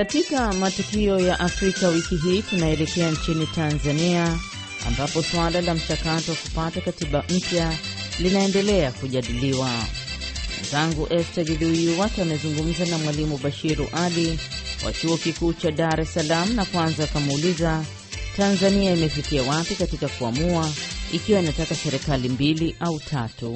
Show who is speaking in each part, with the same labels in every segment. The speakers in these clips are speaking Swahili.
Speaker 1: Katika matukio ya Afrika wiki hii tunaelekea nchini Tanzania ambapo suala la mchakato wa kupata katiba mpya linaendelea kujadiliwa. Mwenzangu Esther Gidhuiwat amezungumza na Mwalimu Bashiru Ali wa Chuo Kikuu cha Dar es Salaam na kwanza akamuuliza Tanzania imefikia wapi katika kuamua ikiwa inataka serikali mbili au tatu.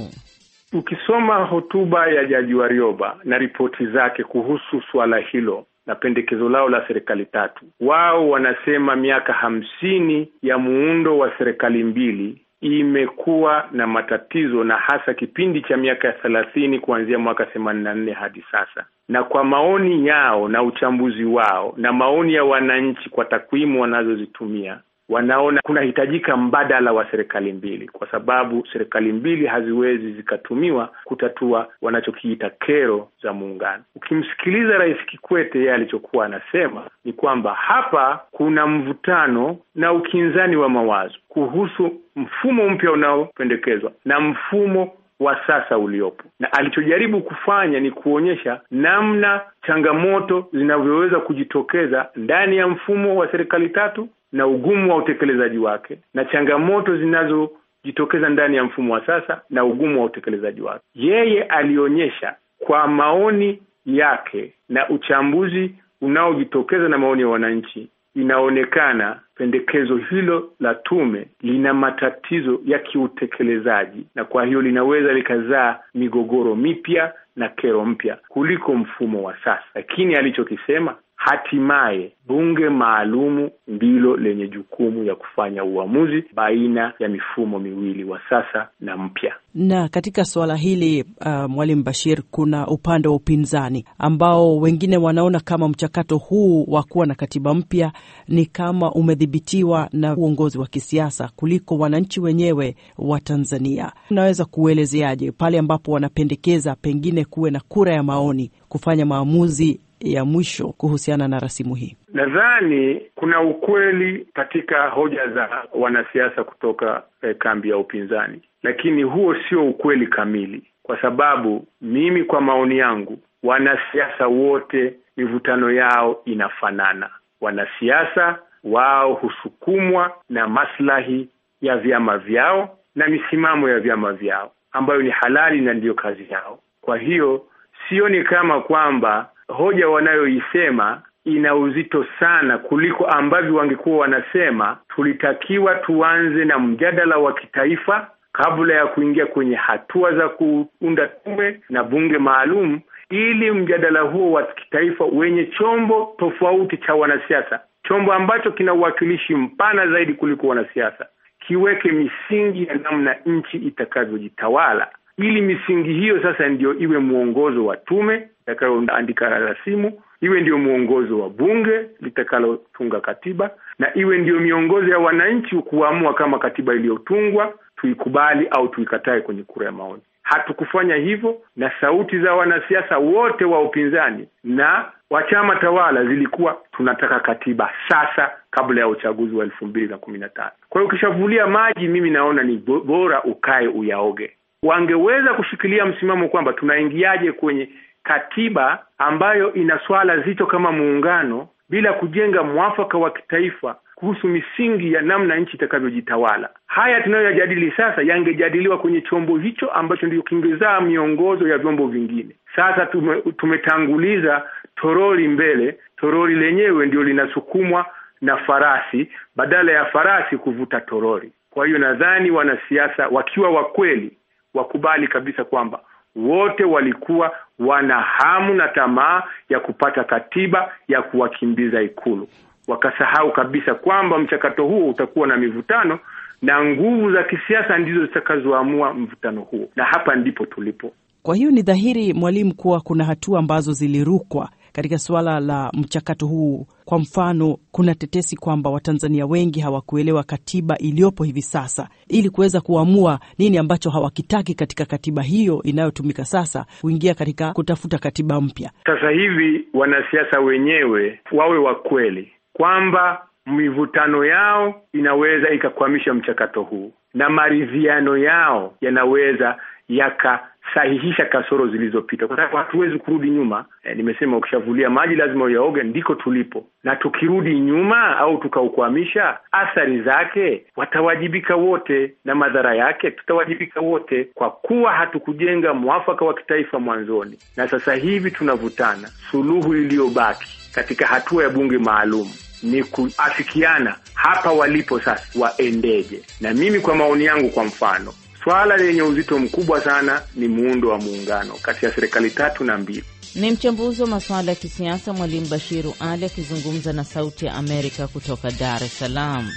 Speaker 2: Ukisoma hotuba ya Jaji Warioba na ripoti zake kuhusu suala hilo, na pendekezo lao la serikali tatu. Wao wanasema miaka hamsini ya muundo wa serikali mbili imekuwa na matatizo na hasa kipindi cha miaka ya thelathini kuanzia mwaka themanini na nne hadi sasa. Na kwa maoni yao na uchambuzi wao na maoni ya wananchi, kwa takwimu wanazozitumia, wanaona kunahitajika mbadala wa serikali mbili, kwa sababu serikali mbili haziwezi zikatumiwa kutatua wanachokiita kero za muungano. Ukimsikiliza Rais Kikwete, yeye alichokuwa anasema ni kwamba hapa kuna mvutano na ukinzani wa mawazo kuhusu mfumo mpya unaopendekezwa na mfumo wa sasa uliopo, na alichojaribu kufanya ni kuonyesha namna changamoto zinavyoweza kujitokeza ndani ya mfumo wa serikali tatu na ugumu wa utekelezaji wake na changamoto zinazojitokeza ndani ya mfumo wa sasa na ugumu wa utekelezaji wake. Yeye alionyesha kwa maoni yake na uchambuzi unaojitokeza na maoni ya wananchi, inaonekana pendekezo hilo la tume lina matatizo ya kiutekelezaji, na kwa hiyo linaweza likazaa migogoro mipya na kero mpya kuliko mfumo wa sasa. Lakini alichokisema Hatimaye bunge maalumu ndilo lenye jukumu ya kufanya uamuzi baina ya mifumo miwili wa sasa na mpya.
Speaker 1: Na katika suala hili uh, Mwalimu Bashir, kuna upande wa upinzani ambao wengine wanaona kama mchakato huu wa kuwa na katiba mpya ni kama umedhibitiwa na uongozi wa kisiasa kuliko wananchi wenyewe wa Tanzania. Unaweza kuelezeaje pale ambapo wanapendekeza pengine kuwe na kura ya maoni kufanya maamuzi ya mwisho kuhusiana na rasimu hii?
Speaker 2: Nadhani kuna ukweli katika hoja za wanasiasa kutoka eh, kambi ya upinzani, lakini huo sio ukweli kamili, kwa sababu mimi, kwa maoni yangu, wanasiasa wote mivutano yao inafanana. Wanasiasa wao husukumwa na maslahi ya vyama vyao na misimamo ya vyama vyao ambayo ni halali na ndiyo kazi yao. Kwa hiyo sioni kama kwamba hoja wanayoisema ina uzito sana kuliko ambavyo wangekuwa wanasema. Tulitakiwa tuanze na mjadala wa kitaifa kabla ya kuingia kwenye hatua za kuunda tume na bunge maalum, ili mjadala huo wa kitaifa wenye chombo tofauti cha wanasiasa, chombo ambacho kina uwakilishi mpana zaidi kuliko wanasiasa, kiweke misingi ya namna nchi itakavyojitawala, ili misingi hiyo sasa ndiyo iwe mwongozo wa tume la rasimu iwe ndiyo mwongozo wa bunge litakalotunga katiba na iwe ndiyo miongozo ya wananchi kuamua kama katiba iliyotungwa tuikubali au tuikatae kwenye kura ya maoni. Hatukufanya hivyo, na sauti za wanasiasa wote wa upinzani na wa chama tawala zilikuwa tunataka katiba sasa, kabla ya uchaguzi wa elfu mbili na kumi na tano. Kwa hiyo ukishavulia maji, mimi naona ni bora ukae uyaoge. Wangeweza kushikilia msimamo kwamba tunaingiaje kwenye katiba ambayo ina swala zito kama muungano bila kujenga mwafaka wa kitaifa kuhusu misingi ya namna nchi itakavyojitawala. Haya tunayoyajadili sasa yangejadiliwa kwenye chombo hicho ambacho ndio kingezaa miongozo ya vyombo vingine. Sasa tume, tumetanguliza toroli mbele. Toroli lenyewe ndio linasukumwa na farasi badala ya farasi kuvuta toroli. Kwa hiyo nadhani wanasiasa wakiwa wakweli wakubali kabisa kwamba wote walikuwa wana hamu na tamaa ya kupata katiba ya kuwakimbiza Ikulu. Wakasahau kabisa kwamba mchakato huo utakuwa na mivutano na nguvu za kisiasa ndizo zitakazoamua mvutano huo, na hapa ndipo tulipo. Kwa hiyo ni dhahiri, Mwalimu,
Speaker 1: kuwa kuna hatua ambazo zilirukwa katika suala la mchakato huu. Kwa mfano, kuna tetesi kwamba Watanzania wengi hawakuelewa katiba iliyopo hivi sasa, ili kuweza kuamua nini ambacho hawakitaki katika katiba hiyo inayotumika sasa, kuingia katika kutafuta katiba mpya.
Speaker 2: Sasa hivi wanasiasa wenyewe wawe wa kweli kwamba mivutano yao inaweza ikakwamisha mchakato huu na maridhiano yao yanaweza yakasahihisha kasoro zilizopita, kwa sababu hatuwezi kurudi nyuma. E, nimesema ukishavulia maji lazima uyaoge, ndiko tulipo, na tukirudi nyuma au tukaukwamisha, athari zake watawajibika wote, na madhara yake tutawajibika wote, kwa kuwa hatukujenga mwafaka wa kitaifa mwanzoni, na sasa hivi tunavutana. Suluhu iliyobaki katika hatua ya bunge maalum ni kuafikiana hapa walipo sasa waendeje, na mimi kwa maoni yangu, kwa mfano swala lenye uzito mkubwa sana ni muundo wa muungano kati ya serikali tatu na mbili.
Speaker 1: Ni mchambuzi wa masuala ya kisiasa Mwalimu Bashiru Ali akizungumza na Sauti ya Amerika kutoka Dar es Salaam.